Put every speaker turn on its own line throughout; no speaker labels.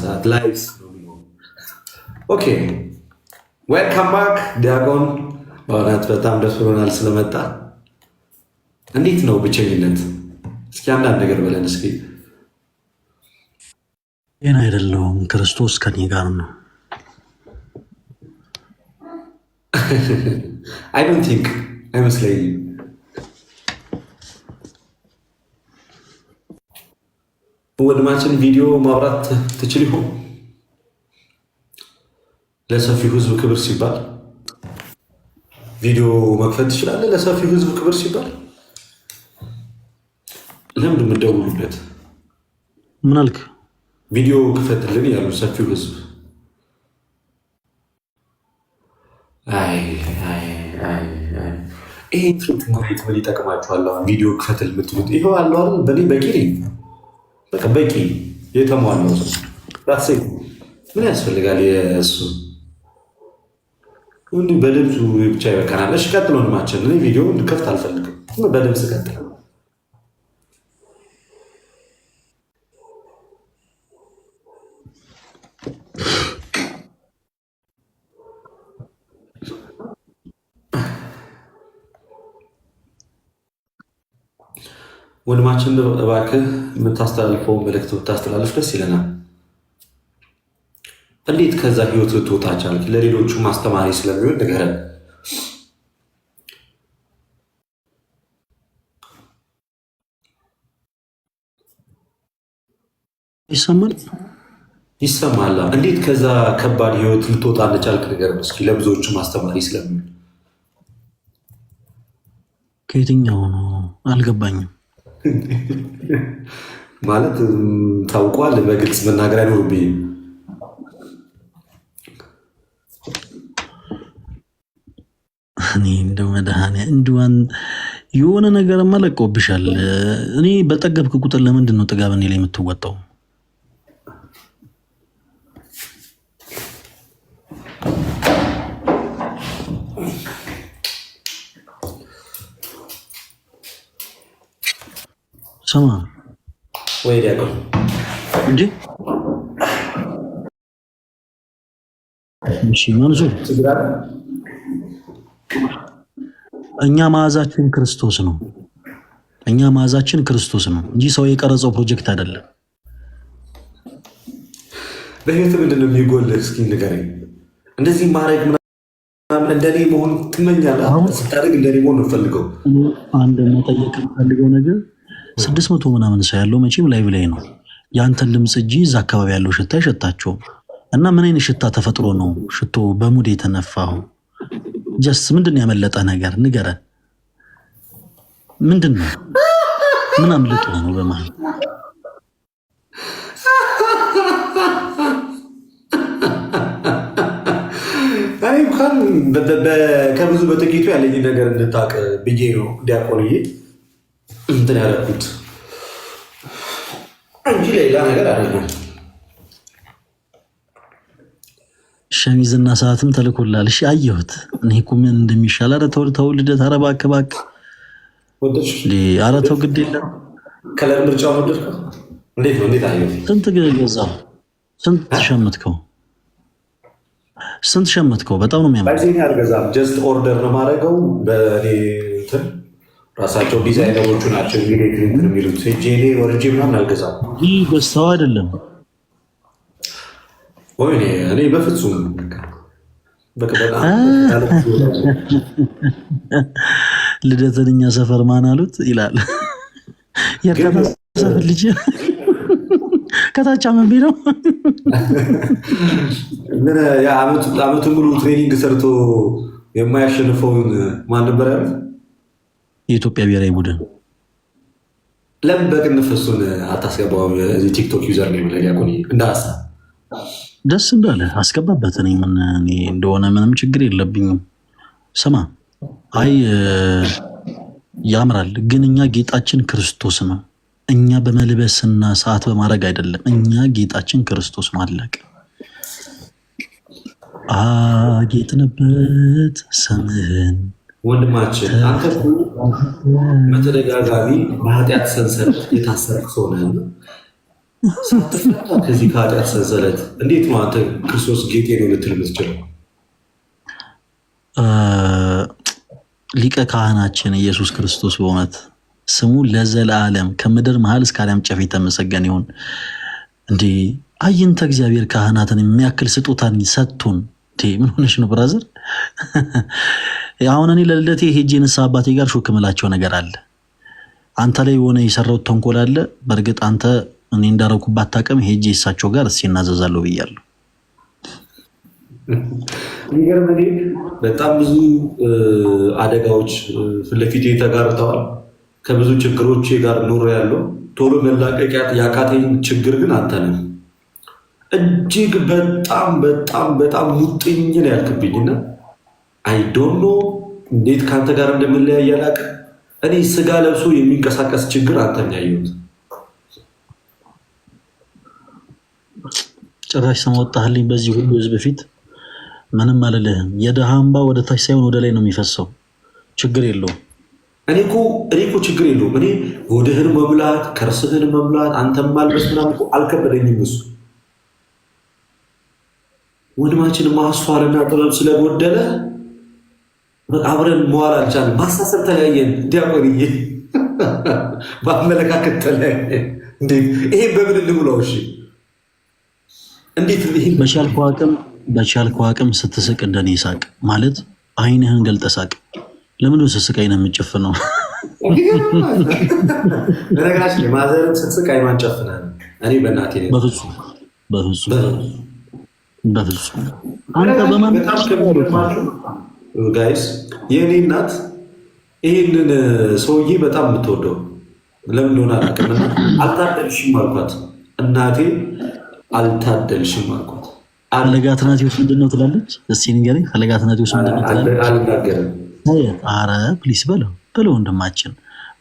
ሰዓት ላይቭ ነው የሚሆን። ኦኬ ዌልካም ባክ ዲያቆን፣ በእውነት በጣም ደስ ብሎናል ስለመጣ። እንዴት ነው ብቸኝነት? እስኪ አንዳንድ ነገር በለን እስኪ። ይህን አይደለውም ክርስቶስ ከኔ ጋር ነው። አይ ዶንት ቲንክ አይመስለኝም በወንድማችን ቪዲዮ ማብራት ትችል ይሆን? ለሰፊው ህዝብ ክብር ሲባል ቪዲዮ መክፈት ትችላለህ? ለሰፊው ህዝብ ክብር ሲባል ለምን የምደውሉበት? ምን አልክ? ቪዲዮ ክፈትልን ያሉ ሰፊው ህዝብ። ይሄ ትሪት ምን ይጠቅማችኋል? ቪዲዮ ክፈትል የምትሉት ይኸው አለ አይደል? በኔ በቂ በቂ የተሟላው ሰው ራሴ ምን ያስፈልጋል? የእሱ እንዲ በድምፁ ብቻ ይበቃናል። እሺ ቀጥሎ ወንድማችን፣ እኔ ቪዲዮ እንድከፍት አልፈልግም። በድምፅ ቀጥል። ወንድማችን እባክህ የምታስተላልፈው መልእክት ብታስተላልፍ ደስ ይለናል። እንዴት ከዛ ህይወት ልትወጣ ቻልክ? ለሌሎቹ ማስተማሪ ስለሚሆን ንገረን። ይሰማል እንዴት ከዛ ከባድ ህይወት ልትወጣ እንደቻልክ ንገረን እስኪ፣ ለብዙዎቹ ማስተማሪ ስለሚሆን። ከየትኛው ነው አልገባኝም። ማለት ታውቋል። በግልጽ መናገር አይኖርብኝም። እኔ እንደ መድኃኒ እንዲዋን የሆነ ነገር ማለቀውብሻል። እኔ በጠገብክ ቁጥር ለምንድን ነው ጥጋብ እኔ ላይ የምትወጣው? ወይ ደግሞ እንጂ እሺ ማንሱ እኛ መዓዛችን ክርስቶስ ነው። እኛ መዓዛችን ክርስቶስ ነው እንጂ ሰው የቀረጸው ፕሮጀክት አይደለም። በህይወት ምንድን ነው የሚጎል? እስኪ ንገረኝ። እንደዚህ ማድረግ ምናምን እንደኔ መሆን ትመኛለህ? ስታደርግ እንደኔ መሆን ነው ፈልገው አንድ መጠየቅ የምፈልገው ነገር ስድስት መቶ ምናምን ሰው ያለው መቼም ላይቭ ላይ ነው። የአንተን ድምፅ እጂ እዛ አካባቢ ያለው ሽታ አይሸታቸውም። እና ምን አይነት ሽታ ተፈጥሮ ነው ሽቶ በሙድ የተነፋው? ጀስ ምንድን ያመለጠ ነገር ንገረን። ምንድን ነው ምን አምልጦ ነው በመሀል እንኳን ከብዙ በጥቂቱ ያለኝ ነገር እንድታቅ ብዬ ነው ዲያቆንዬ እንትን ያደረኩት እንጂ ሌላ ነገር አይደለም። ሸሚዝና ሰዓትም ተልኮላል። እሺ አየሁት። እኔ እኮ ምን እንደሚሻል ኧረ ተው ተው፣ ልደት ኧረ እባክህ እባክህ፣ ኧረ ተው ግድ የለም። ከለር ምርጫ ወደድከው? እንዴት ነው? እንዴት አየሁት። ስንት ግን ገዛው? ስንት ሸምትከው? ስንት ሸምትከው? በጣም ነው የሚያምር። አልገዛም። ጀስት ኦርደር ነው የማደርገው በእኔ እንትን ራሳቸው ዲዛይነሮቹ ናቸው እንግዲህ ክሊንክር የሚሉት ጄኔ ወርጄ ምናምን አልገዛም። ይህ በስተው አይደለም ወይ? እኔ በፍጹም ልደትን እኛ ሰፈር ማን አሉት ይላል። የእርካታ ሰፈር ልጅ ከታች አመቤ ነው። አመቱን ሙሉ ትሬኒንግ ሰርቶ የማያሸንፈውን ማን ነበር ያሉት? የኢትዮጵያ ብሔራዊ ቡድን ለምን በቅንፍ እሱን አታስገባው? ቲክቶክ ዩዘር ነው የሚለው ያቆኒ እንደ ደስ እንዳለ አስገባበት። እኔ ምን እንደሆነ ምንም ችግር የለብኝም። ስማ፣ አይ ያምራል፣ ግን እኛ ጌጣችን ክርስቶስ ነው። እኛ በመልበስና ሰዓት በማድረግ አይደለም። እኛ ጌጣችን ክርስቶስ ማለቅ አጌጥንበት ስምህን ወንድማችን በተደጋጋሚ በኃጢአት ሰንሰለት የታሰርክ ሰው ነህ። ሳትፈታ ከዚህ ከኃጢአት ሰንሰለት እንዴት ነው አንተ ክርስቶስ ጌጤ ነው ልትል የምትችለው? ሊቀ ካህናችን ኢየሱስ ክርስቶስ በእውነት ስሙ ለዘላለም ከምድር መሀል እስከ ዓለም ጨፍ የተመሰገን ይሁን። እንዴ አይንተ እግዚአብሔር ካህናትን የሚያክል ስጦታን ሰጥቶን ምን ሆነሽ ነው ብራዘር? አሁን እኔ ለልደቴ ሄጄ ንስሐ አባቴ ጋር ሹክ ምላቸው ነገር አለ። አንተ ላይ የሆነ የሰራው ተንኮል አለ። በእርግጥ አንተ እኔ እንዳረኩባት ታቅም ሄጄ እሳቸው ጋር እስ እናዘዛለሁ ብያለሁ። በጣም ብዙ አደጋዎች ፊትለፊቴ ተጋርተዋል። ከብዙ ችግሮቼ ጋር ኑሮ ያለው ቶሎ መላቀቂያ ያቃተኝ ችግር ግን አንተ ነህ። እጅግ በጣም በጣም በጣም ሙጥኝ ነው ያልክብኝና አይዶኖ እንዴት ከአንተ ጋር እንደምንለያይ አላቅም። እኔ ስጋ ለብሶ የሚንቀሳቀስ ችግር አንተን ያየሁት ጭራሽ ስመወጣህልኝ በዚህ ሁሉ ህዝብ ፊት ምንም አልልህም። የድሃ እንባ ወደ ታች ሳይሆን ወደ ላይ ነው የሚፈሰው። ችግር የለውም። እኔ እኮ ችግር የለውም። እኔ ሆድህን መብላት፣ ከርስህን መብላት፣ አንተን ማልበስ ምናምን እኮ አልከበደኝም። እሱ ወንድማችን ማስተዋልና ጥበብ ስለጎደለ አብረን መዋል አልቻለ። ማሳሰብ ተለያየን። እንዲያቆንዬ በአመለካከት ተለያየ። እንዴት ይሄ በምን ልብለው? እሺ እንዴት በቻልኩ አቅም በቻልኩ አቅም ስትስቅ እንደኔ ሳቅ ማለት አይንህን ገልጠ ሳቅ። ለምን ስስቅ አይነ የምጭፍ ነው? በነገራችን ማዘርም ስትስቅ አይኗ ጨፍና እኔ በእናቴ በፍጹም በፍጹም በፍጹም አንተ በማን ጋይስ የእኔ እናት ይህንን ሰውዬ በጣም የምትወደው ለምን እንደሆነ አላውቅም። እና አልታደልሽም አልኳት፣ እናቴ አልታደልሽም አልኳት። ፈለገ አትናቴዎስ ምንድን ነው ትላለች? እስኪ ንገረኝ። ፈለገ አትናቴዎስ ምንድን ነው ትላለች? አልናገርም። ኧረ ፕሊስ በለው በለው፣ ወንድማችን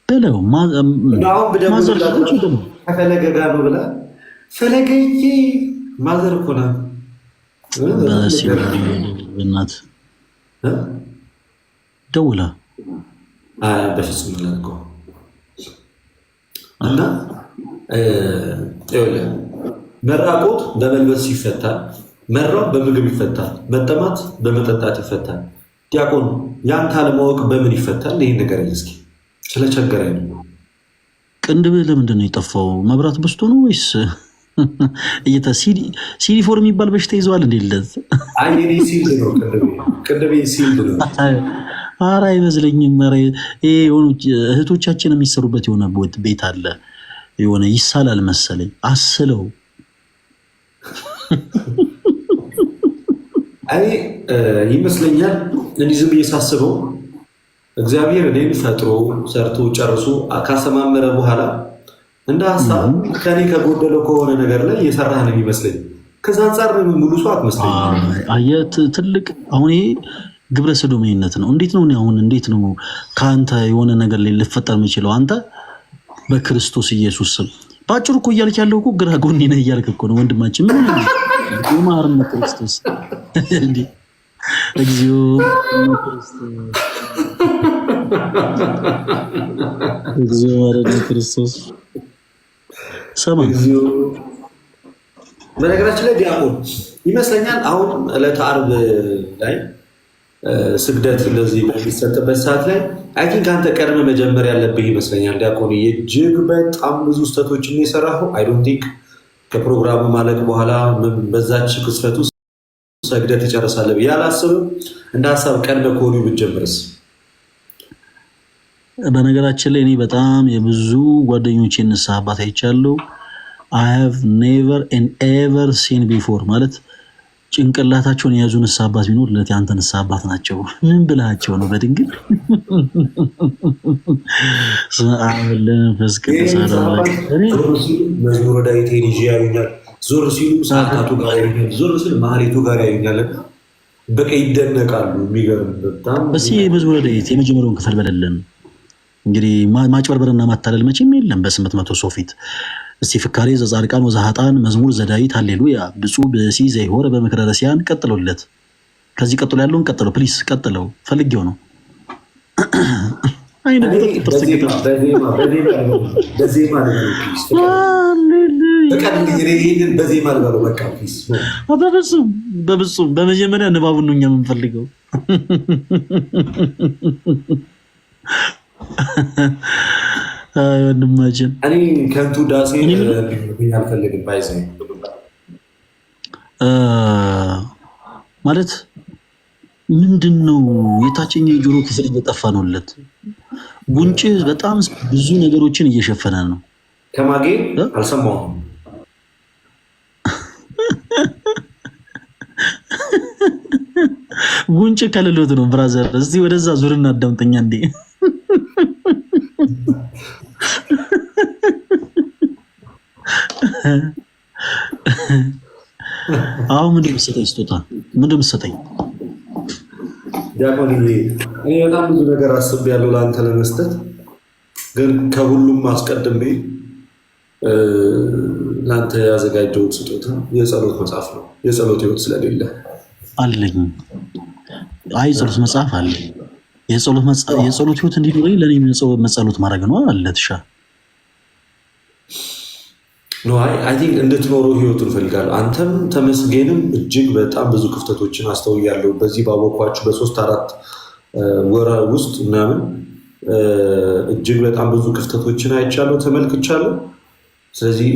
በለው። ማዘር ከፈለገ ጋር ነው ብላ ፈለገዬ፣ ማዘር እኮ ናት። ደውላ በፍጹም ለቆ እና መራቆት በመልበስ ይፈታል። መራብ በምግብ ይፈታል። መጠማት በመጠጣት ይፈታል። ዲያቆን ያንተ አለማወቅ በምን ይፈታል? ይህን ነገር እስኪ ስለቸገረኝ። ቅንድብህ ለምንድን ነው የጠፋው? መብራት በስቶ ነው ወይስ እይታ ሲዲ ፎር የሚባል በሽታ ይዘዋል እንዴ? ለዝ ኧረ አይመስለኝም። እህቶቻችን የሚሰሩበት የሆነ ቤት አለ የሆነ ይሳላል መሰለኝ አስለው እኔ ይመስለኛል እንዲህ ዝም ብዬ ሳስበው እግዚአብሔር እኔን ፈጥሮ ሰርቶ ጨርሶ ካሰማመረ በኋላ እንደ ሀሳብ ከኔ ከጎደለው ከሆነ ነገር ላይ የሰራህ ነው የሚመስለኝ። ከዛ አንጻር ሙሉ ሰው አትመስለኝ። ትልቅ አሁን ይሄ ግብረ ሰዶሜነት ነው። እንዴት ነው አሁን እንዴት ነው ከአንተ የሆነ ነገር ላይ ልፈጠር የሚችለው? አንተ በክርስቶስ ኢየሱስ ስም በአጭሩ እኮ እያልክ ያለው እኮ ግራ ጎኔ ነህ እያልክ እኮ ነው ወንድማችን። ምን የማርነ ክርስቶስ እግዚኦ እግዚኦ ማረነ ክርስቶስ በነገራችን ላይ ዲያቆን ይመስለኛል አሁን ዕለተ ዓርብ ላይ ስግደት እንደዚህ በሚሰጥበት ሰዓት ላይ አይ ቲንክ አንተ መጀመር ያለብህ ይመስለኛል። ዲያቆን እጅግ በጣም ብዙ ስህተቶች የሰራኸው አይ ዶንት ቲንክ ከፕሮግራሙ ማለቅ በኋላ በዛች ሰግደት ብዬ አላስብም። እንደ ሀሳብ ከወዲሁ ብትጀምርስ በነገራችን ላይ እኔ በጣም የብዙ ጓደኞቼን ንስሐ አባት አይቻለሁ። አይ ሃቭ ኔቨር ኤንድ ኤቨር ሲን ቢፎር ማለት ጭንቅላታቸውን የያዙ ንስሐ አባት ቢኖር ለት የአንተ ንስሐ አባት ናቸው። ምን ብላቸው ነው? በድንግል ለመንፈስ ቅዱስ መዝሙረ ዳዊት ይዤ ያዩኛል። ዞር ሲሉ ሰዓታቱ ጋር ያዩኛል። ዞር ሲል ማህሌቱ ጋር ያዩኛል። በቃ ይደነቃሉ። የሚገርም በጣም እስኪ መዝሙረ ዳዊት የመጀመሪያውን ክፍል በለለን እንግዲህ ማጭበርበርና ማታለል መቼም የለም በስምንት መቶ ሰው ፊት። እስቲ ፍካሬ ዘጻድቃን ወዘሃጣን መዝሙር ዘዳዊት ሃሌሉያ ብፁ ብእሲ ዘይሆር በምክረ ረሲያን ቀጥሎለት። ከዚህ ቀጥሎ ያለውን ቀጥሎ ፕሊስ ቀጥለው፣ ፈልጌው ነው። በፍጹም በፍጹም። በመጀመሪያ ንባቡን ነው እኛ የምንፈልገው። ወንድማችን እኔ ከንቱ ዳሴ አልፈልግም። ባይዘ ማለት ምንድን ነው የታችኛው የጆሮ ክፍል እየጠፋ ነውለት። ጉንጭ በጣም ብዙ ነገሮችን እየሸፈነ ነው። ከማጌ አልሰማሁም። ጉንጭ ከልሎት ነው ብራዘር። እስቲ ወደዛ ዙርና አዳምጠኛ እንዴ አሁን ምንድን ነው የምትሰጠኝ ስጦታ? ምንድን ነው የምትሰጠኝ? ዲያቆን እኔ በጣም ብዙ ነገር አስቤያለሁ ለአንተ ለመስጠት፣ ግን ከሁሉም አስቀድሜ ለአንተ ያዘጋጀሁት ስጦታ የጸሎት መጽሐፍ ነው። የጸሎት ህይወት ስለሌለ አለኝ። አይ ጸሎት መጽሐፍ አለኝ የጸሎት ህይወት እንዲኖረኝ ለእኔ መጸሎት ማድረግ ነው አለ ትሻ እንድትኖረው ህይወቱ እንፈልጋለሁ። አንተም ተመስገንም እጅግ በጣም ብዙ ክፍተቶችን አስተውያለሁ። በዚህ ባወኳችሁ በሶስት አራት ወረ ውስጥ ምናምን እጅግ በጣም ብዙ ክፍተቶችን አይቻለሁ፣ ተመልክቻለሁ። ስለዚህ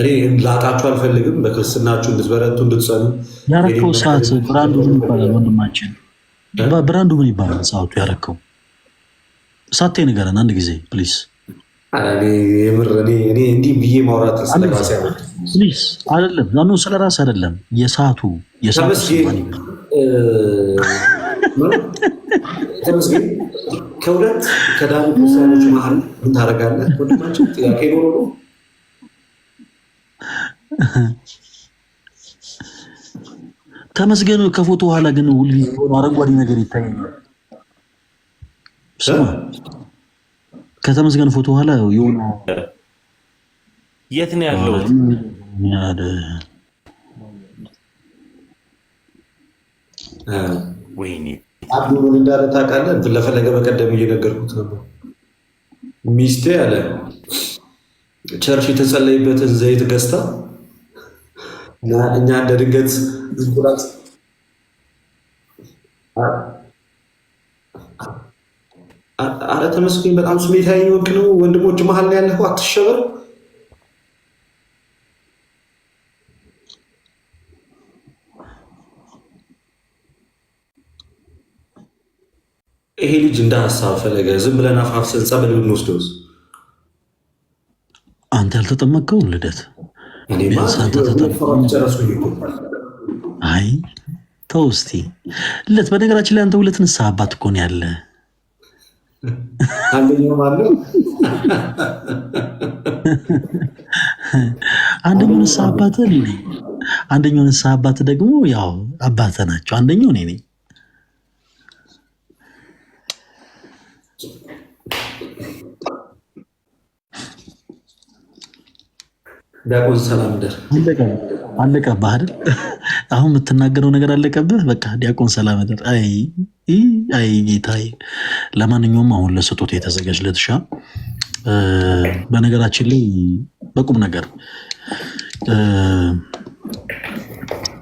እኔ ላጣችሁ አልፈልግም። በክርስትናችሁ እንድትበረቱ እንድትጸኑ ያረከው ሰዓት ብራንዱ ይባላል ወንድማችን ብራንዱ ምን ይባላል? ሰዓቱ ያረከው ሳቴ ነገረን አንድ ጊዜ ፕሊስ። እንዲህ ብዬ ማውራት ፕሊስ። አይደለም ዛኑ ስለ ራስ አይደለም፣ የሰዓቱ ከሁለት መሀል ምን ታደርጋለህ? ጥያቄ ኖሮ ነው ከመስገኑ ከፎቶ በኋላ ግን ሁሉ የሆነ አረንጓዴ ነገር ይታየኛል። ስማ ከተመስገኑ ፎቶ በኋላ የሆነ የት ነው ያለው? ወይኔ አብዱ እንዳለ ታውቃለህ። ለፈለገ በቀደም እየነገርኩት ነበር። ሚስቴ አለ ቸርች የተጸለይበትን ዘይት ገዝታ እና እኛ እንደ ድንገት እንቁላል አረ ተመስገን በጣም ስሜታዊ ወቅ ነው። ወንድሞች መሀል ላይ ያለው አትሸበር። ይሄ ልጅ እንደ ሀሳብ ፈለገ ዝም ብለን አፋፍሰን ጸበል ብንወስደውስ? አንተ ያልተጠመቀውን ልደት አይ ተው እስቲ ለት በነገራችን ላይ አንተ ሁለት ንስሐ አባት እኮ ነው ያለ። አንደኛው ንስሐ አባት አንደኛው ንስሐ አባት ደግሞ ያው አባተ ናቸው። አንደኛው እኔ ነኝ። ዲያቆን ሰላምደር አለቀብህ አይደል? አሁን የምትናገረው ነገር አለቀብህ። በቃ ዲያቆን ሰላምደር። አይ አይ ጌታ። ለማንኛውም አሁን ለስጦት የተዘጋጅ ለትሻ። በነገራችን ላይ በቁም ነገር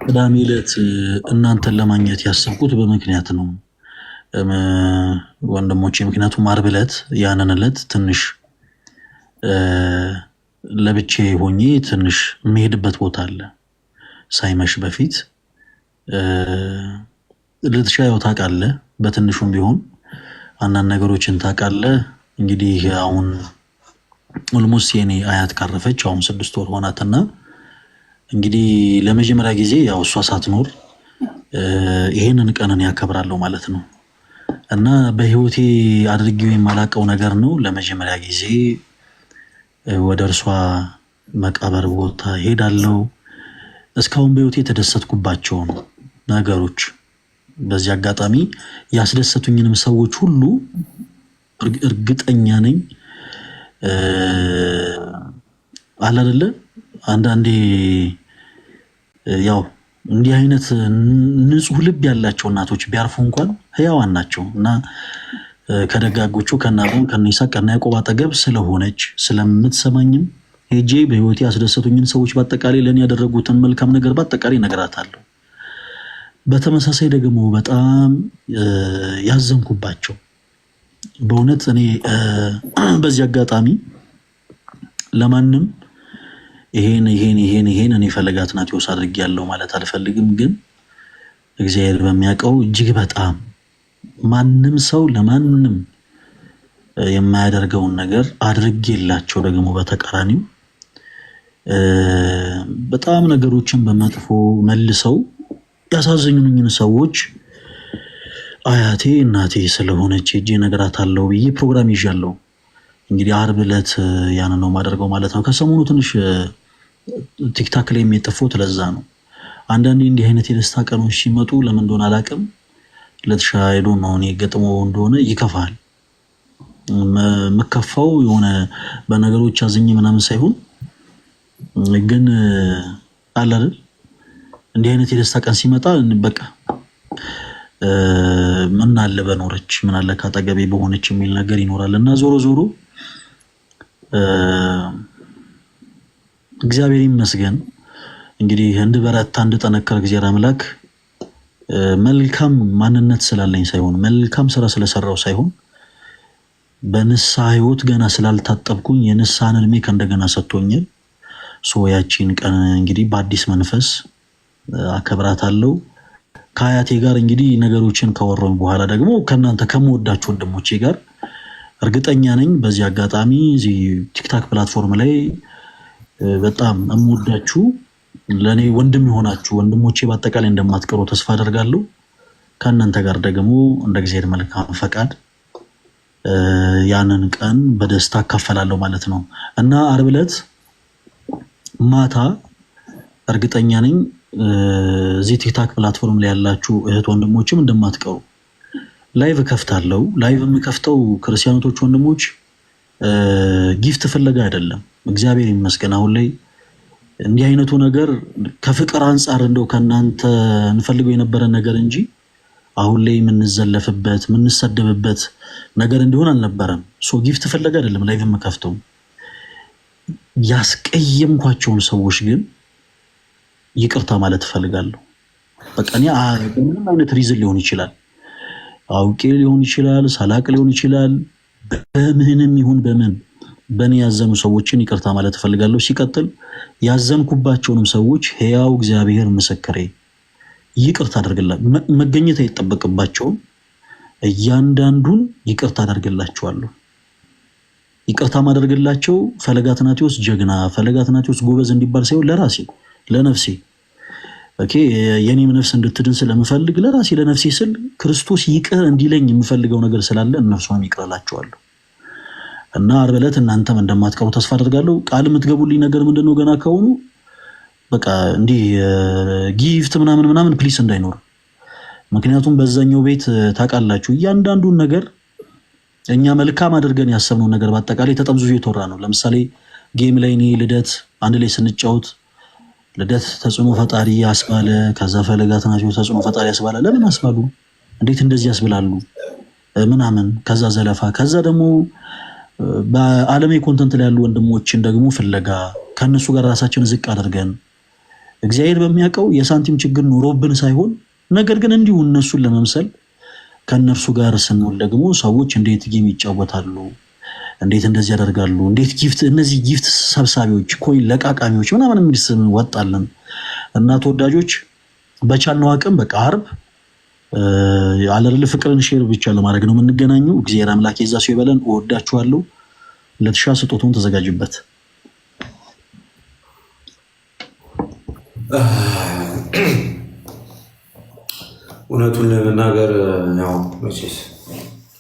ቅዳሜ ዕለት እናንተን ለማግኘት ያሰብኩት በምክንያት ነው ወንድሞቼ፣ ምክንያቱም ዓርብ ዕለት ያንን ዕለት ትንሽ ለብቻዬ ሆኜ ትንሽ የሚሄድበት ቦታ አለ። ሳይመሽ በፊት ልትሻየው ታውቃለህ፣ በትንሹም ቢሆን አንዳንድ ነገሮችን ታውቃለህ። እንግዲህ አሁን ኦልሞስት የኔ አያት ካረፈች አሁን ስድስት ወር ሆናትና እንግዲህ ለመጀመሪያ ጊዜ ያው እሷ ሳትኖር ይሄንን ቀንን ያከብራለሁ ማለት ነው እና በህይወቴ አድርጌው የማላውቀው ነገር ነው። ለመጀመሪያ ጊዜ ወደ እርሷ መቃበር ቦታ ሄዳለሁ። እስካሁን በሕይወቴ የተደሰትኩባቸውን ነገሮች በዚህ አጋጣሚ ያስደሰቱኝንም ሰዎች ሁሉ እርግጠኛ ነኝ አለ አይደለ አንዳንዴ ያው እንዲህ አይነት ንጹህ ልብ ያላቸው እናቶች ቢያርፉ እንኳን ህያዋን ናቸው እና ከደጋጎቹ ከነ አብርሃም ከነ ይስሐቅ ከነ ያዕቆብ አጠገብ ስለሆነች ስለምትሰማኝም ሄጄ በህይወቴ ያስደሰቱኝን ሰዎች በአጠቃላይ ለእኔ ያደረጉትን መልካም ነገር በአጠቃላይ እነግራታለሁ። በተመሳሳይ ደግሞ በጣም ያዘንኩባቸው በእውነት እኔ በዚህ አጋጣሚ ለማንም ይሄን ይሄን ይሄን ይሄን እኔ ፈለጋት ናት ይወስ አድርጌ ያለው ማለት አልፈልግም፣ ግን እግዚአብሔር በሚያውቀው እጅግ በጣም ማንም ሰው ለማንም የማያደርገውን ነገር አድርጌላቸው ደግሞ በተቃራኒው በጣም ነገሮችን በመጥፎ መልሰው ያሳዘኙኝን ሰዎች አያቴ እናቴ ስለሆነች ሄጄ እነግራታለሁ ብዬ ፕሮግራም ይዣለሁ። እንግዲህ አርብ ዕለት ያን ነው የማደርገው ማለት ነው። ከሰሞኑ ትንሽ ቲክታክ ላይ የሚጠፉት ለዛ ነው። አንዳንዴ እንዲህ አይነት የደስታ ቀኖች ሲመጡ ለምን እንደሆነ አላውቅም ለተሻይሎ መሆኔ ገጥሞ እንደሆነ ይከፋል። የምከፋው የሆነ በነገሮች አዝኝ ምናምን ሳይሆን ግን አለ አይደል እንዲህ አይነት የደስታ ቀን ሲመጣ በቃ ምን አለ በኖረች ምን አለ ካጠገቤ በሆነች የሚል ነገር ይኖራል እና ዞሮ ዞሮ እግዚአብሔር ይመስገን እንግዲህ እንድበረታ እንድጠነከር እግዚአብሔር አምላክ መልካም ማንነት ስላለኝ ሳይሆን መልካም ስራ ስለሰራው ሳይሆን በንስሐ ህይወት ገና ስላልታጠብኩኝ የንስሐን እድሜ ከእንደገና ሰጥቶኛል። ሶያችን ቀን እንግዲህ በአዲስ መንፈስ አከብራታለሁ። ከአያቴ ጋር እንግዲህ ነገሮችን ከወረኝ በኋላ ደግሞ ከእናንተ ከምወዳችሁ ወንድሞቼ ጋር እርግጠኛ ነኝ በዚህ አጋጣሚ እዚህ ቲክታክ ፕላትፎርም ላይ በጣም የምወዳችሁ ለእኔ ወንድም የሆናችሁ ወንድሞቼ በአጠቃላይ እንደማትቀሩ ተስፋ አደርጋለሁ። ከእናንተ ጋር ደግሞ እንደ እግዚአብሔር መልካም ፈቃድ ያንን ቀን በደስታ አካፈላለሁ ማለት ነው እና ዓርብ ዕለት ማታ እርግጠኛ ነኝ እዚህ ቲክታክ ፕላትፎርም ላይ ያላችሁ እህት ወንድሞችም እንደማትቀሩ ላይቭ ከፍታለው። ላይቭ የምከፍተው ክርስቲያኖቶች ወንድሞች ጊፍት ፍለጋ አይደለም። እግዚአብሔር ይመስገን አሁን ላይ እንዲህ አይነቱ ነገር ከፍቅር አንጻር እንደው ከእናንተ እንፈልገው የነበረ ነገር እንጂ አሁን ላይ የምንዘለፍበት የምንሰደብበት ነገር እንዲሆን አልነበረም። ሶ ጊፍት ፈለገ አይደለም ላይቭ የምከፍተው ያስቀየምኳቸውን ሰዎች ግን ይቅርታ ማለት እፈልጋለሁ። በቃ እኔ ምንም አይነት ሪዝን ሊሆን ይችላል፣ አውቄ ሊሆን ይችላል፣ ሳላቅ ሊሆን ይችላል፣ በምንም ይሁን በምን በእኔ ያዘኑ ሰዎችን ይቅርታ ማለት እፈልጋለሁ። ሲቀጥል ያዘንኩባቸውንም ሰዎች ሕያው እግዚአብሔር ምስክሬ ይቅርታ አደርግላ መገኘት አይጠበቅባቸውም። እያንዳንዱን ይቅርታ አደርግላቸዋለሁ። ይቅርታ ማደርግላቸው ፈለገ አትናቴዎስ ጀግና፣ ፈለገ አትናቴዎስ ጎበዝ እንዲባል ሳይሆን ለራሴ ለነፍሴ ኦኬ የኔም ነፍስ እንድትድን ስለምፈልግ ለራሴ ለነፍሴ ስል ክርስቶስ ይቅር እንዲለኝ የምፈልገው ነገር ስላለ እነርሷም ይቅር እና ዓርብ ዕለት እናንተም እንደማትቀሩ ተስፋ አደርጋለሁ። ቃል የምትገቡልኝ ነገር ምንድን ነው? ገና ከሆኑ በቃ እንዲህ ጊፍት ምናምን ምናምን ፕሊስ እንዳይኖር። ምክንያቱም በዛኛው ቤት ታውቃላችሁ፣ እያንዳንዱን ነገር እኛ መልካም አድርገን ያሰብነውን ነገር በአጠቃላይ ተጠምዝዞ የተወራ ነው። ለምሳሌ ጌም ላይ እኔ ልደት አንድ ላይ ስንጫወት ልደት ተጽዕኖ ፈጣሪ አስባለ፣ ከዛ ፈለጋ ናቸው ተጽዕኖ ፈጣሪ አስባለ። ለምን አስባሉ? እንዴት እንደዚህ ያስብላሉ? ምናምን ከዛ ዘለፋ ከዛ ደግሞ በዓለም ኮንተንት ላይ ያሉ ወንድሞችን ደግሞ ፍለጋ ከእነሱ ጋር ራሳችን ዝቅ አድርገን እግዚአብሔር በሚያውቀው የሳንቲም ችግር ኑሮብን ሳይሆን ነገር ግን እንዲሁ እነሱን ለመምሰል ከእነርሱ ጋር ስንሆን ደግሞ ሰዎች እንዴት ጌም ይጫወታሉ፣ እንዴት እንደዚህ ያደርጋሉ፣ እንዴት ጊፍት እነዚህ ጊፍት ሰብሳቢዎች፣ ኮይን ለቃቃሚዎች ምናምን የሚል ስም ወጣለን እና ተወዳጆች በቻልነው አቅም በቃ አርብ አለርል ፍቅርን ሼር ብቻ ለማድረግ ነው የምንገናኘው። እግዚአብሔር አምላክ የዛ ሰው ይበለን። እወዳችኋለሁ። ለትሻ ስጦቱን ተዘጋጅበት። እውነቱን ለመናገር ያው መቼስ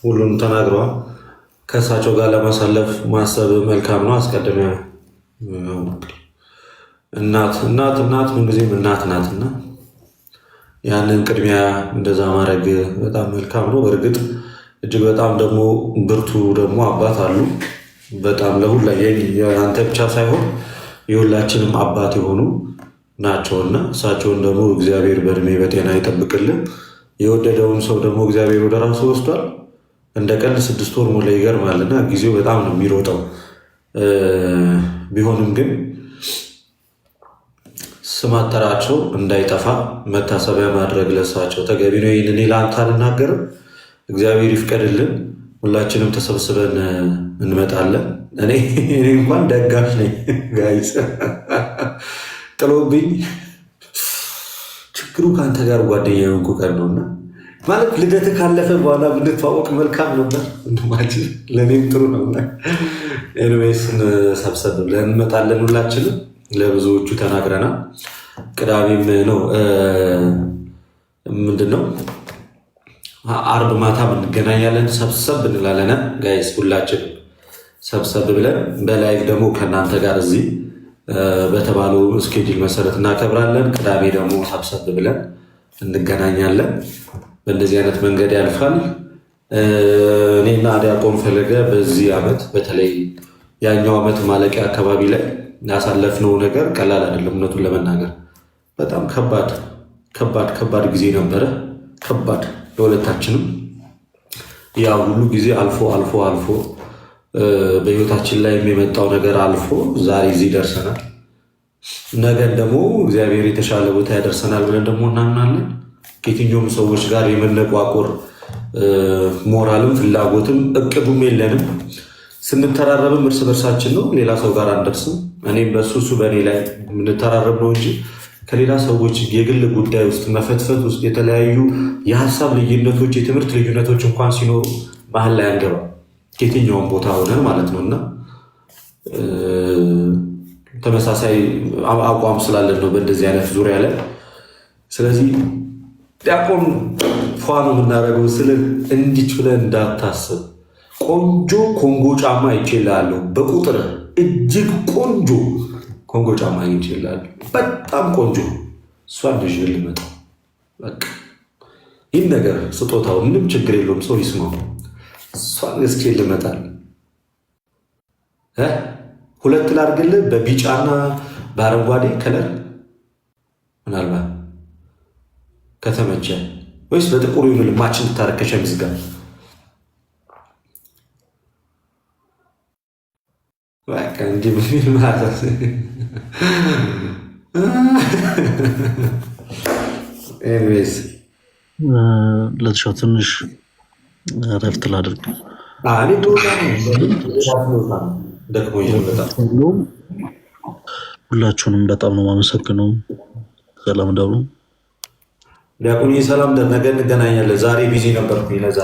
ሁሉም ተናግረዋል። ከእሳቸው ጋር ለማሳለፍ ማሰብ መልካም ነው። አስቀድሜ እናት እናት እናት ምንጊዜም እናት ናትና ያንን ቅድሚያ እንደዛ ማድረግ በጣም መልካም ነው። በእርግጥ እጅግ በጣም ደግሞ ብርቱ ደግሞ አባት አሉ። በጣም ለሁላ የአንተ ብቻ ሳይሆን የሁላችንም አባት የሆኑ ናቸውና እሳቸውን ደግሞ እግዚአብሔር በእድሜ በጤና ይጠብቅልን። የወደደውን ሰው ደግሞ እግዚአብሔር ወደ ራሱ ወስዷል። እንደ ቀን ስድስት ወር ሞላ። ይገርማልና ጊዜው በጣም ነው የሚሮጠው። ቢሆንም ግን ስም አጠራቸው እንዳይጠፋ መታሰቢያ ማድረግ ለሳቸው ተገቢ ነው። ይህንን እኔ ለአንተ አልናገርም። እግዚአብሔር ይፍቀድልን። ሁላችንም ተሰብስበን እንመጣለን። እኔ እኔ እንኳን ደጋፊ ነኝ ጋይስ ጥሎብኝ ችግሩ ከአንተ ጋር ጓደኛ የሆንኩ ቀን ነው እና ማለት ልደት ካለፈ በኋላ ብንተዋወቅ መልካም ነበር። እንድማችን ለእኔም ጥሩ ነው። ኤንዌይስን ሰብሰብ ብለን እንመጣለን ሁላችንም ለብዙዎቹ ተናግረናል። ቅዳሜም ነው ምንድን ነው አርብ ማታም እንገናኛለን። ሰብሰብ እንላለን ጋይስ፣ ሁላችን ሰብሰብ ብለን በላይቭ ደግሞ ከእናንተ ጋር እዚህ በተባለው እስኬጅል መሰረት እናከብራለን። ቅዳሜ ደግሞ ሰብሰብ ብለን እንገናኛለን። በእንደዚህ አይነት መንገድ ያልፋል። እኔና ዲያቆን ፈለገ በዚህ ዓመት በተለይ ያኛው ዓመት ማለቂያ አካባቢ ላይ ያሳለፍነው ነገር ቀላል አይደለም። እውነቱን ለመናገር በጣም ከባድ ከባድ ከባድ ጊዜ ነበረ። ከባድ ለሁለታችንም። ያ ሁሉ ጊዜ አልፎ አልፎ አልፎ በህይወታችን ላይ የሚመጣው ነገር አልፎ ዛሬ እዚህ ደርሰናል። ነገን ደግሞ እግዚአብሔር የተሻለ ቦታ ያደርሰናል ብለን ደግሞ እናምናለን። ከየትኛውም ሰዎች ጋር የመነቋቁር ሞራልም ፍላጎትም እቅዱም የለንም። ስንተራረብም እርስ በርሳችን ነው፣ ሌላ ሰው ጋር አንደርስም። እኔም በሱ እሱ በእኔ ላይ የምንተራረብ ነው እንጂ ከሌላ ሰዎች የግል ጉዳይ ውስጥ መፈትፈት ውስጥ የተለያዩ የሀሳብ ልዩነቶች፣ የትምህርት ልዩነቶች እንኳን ሲኖሩ መሀል ላይ አንገባ የትኛውም ቦታ ሆነ ማለት ነው እና ተመሳሳይ አቋም ስላለን ነው በእንደዚህ አይነት ዙሪያ ላይ ስለዚህ ዲያቆን ፏ ነው የምናደርገው ስልህ እንዲች ብለን እንዳታስብ ቆንጆ ኮንጎ ጫማ ይችላሉ። በቁጥር እጅግ ቆንጆ ኮንጎ ጫማ ይችላሉ። በጣም ቆንጆ እሷን ልጅ ልመጣ በቃ ይህን ነገር ስጦታው ምንም ችግር የለውም። ሰው ይስማው። እሷን እስኪ ልመጣል። ሁለት ላድርግልህ፣ በቢጫና በአረንጓዴ ከለር ምናልባት ከተመቸ ወይስ በጥቁሩ ይሁን ማችን ታረከሸ ምዝጋ በቃ እንዲህ በሚል ማለት ኤንዌይስ ለተሻው ትንሽ ረፍት ላድርግ። ሁላችሁንም በጣም ነው የማመሰግነው። ሰላም ደብሩ ዲያቆን፣ ሰላም ነገ እንገናኛለን። ዛሬ ቢዚ ነበርኩኝ ለዛ